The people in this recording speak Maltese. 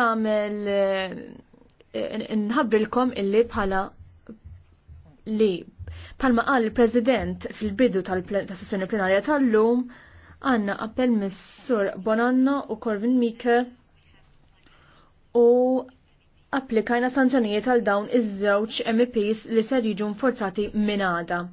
għamel eh, nħabrilkom illi bħala li palma qal il-President fil-bidu tal-sessjoni plenarja tal-lum għanna appell missur Bonanno u Corvin Mike u applikajna sanzjonijiet għal dawn iż-żewġ MEPs li ser jiġu nforzati għada.